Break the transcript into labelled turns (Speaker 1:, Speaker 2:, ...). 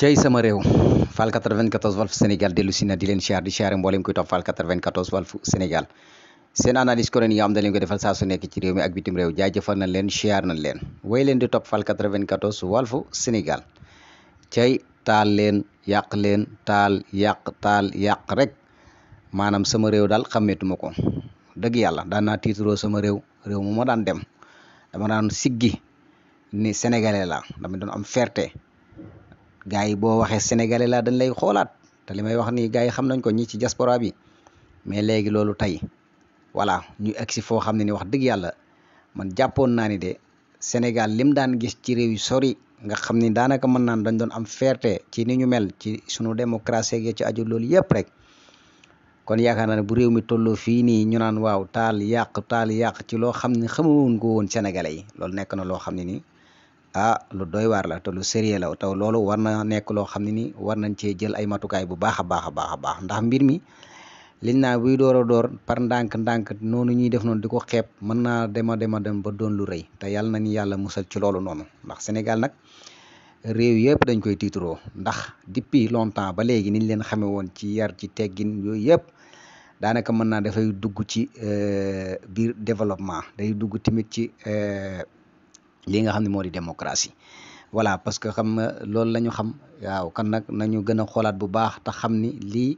Speaker 1: cey sama réew Fall 94 Walf Sénégal dellu si na di leen siyaar di siyaare mboolem kuy topp Fall 94 Walf Sénégal seen analyse corona yi nga xam dañ leen defal saa su nekk ci réew mi ak bitim réew leen siyaar nañ leen way leen di topp Fall 94 Walf Sénégal cey taal leen yàq leen taal yàq taal yàq rek maanaam sama réew daal xàmmeetuma ko dëgg yàlla daan naa tiituroo sama réew réew mu ma daan dem dama daan siggi ni sénégalais la dama doon am fierté gars yi boo waxee sénégalais laa dañ lay xoolaat te li may wax ni gars yi xam nañ ko ñi ci diaspora bi mais léegi loolu tey voilà ñu egg si foo xam ne ni wax dëgg yàlla man jàppoon naa ni de Sénégal lim daan gis ci réew yu sori nga xam ni daanaka mën naan dañ doon am fierté ci ni ñu mel ci sunu démocratie gi ci ajo loolu yëpp rek kon yaakaar naa ne bu réew mi tolloo fii nii ñu naan waaw taal yàq taal yàq ci loo xam ne xamuwoon ko woon sénégalais yi loolu nekk na loo xam ne nii. ah lu doy waar la te lu sérieux la te loolu war na nekk loo xam ne ni war nañ cee jël ay matukaay bu baax a baax a baax a baax ndax mbir mi liñ naa buy door a door par ndànk-ndànk noonu ñuy def noonu di ko xeeb mën naa dema dema dem ba doon lu rëy te yàlla nañu yàlla musal ci loolu noonu ndax Sénégal nag réew yëpp dañ koy tiituroo ndax depuis longtemps ba léegi niñ leen xamee woon ci yar ci teggin yooyu yëpp daanaka mën naa dafay dugg ci euh, biir développement day dugg tamit ci euh, lii nga xam ne moo di démocratie voilà parce que xam nga loolu la ñu xam waaw kan nag nañu gën a xoolaat bu baax ta xam ni lii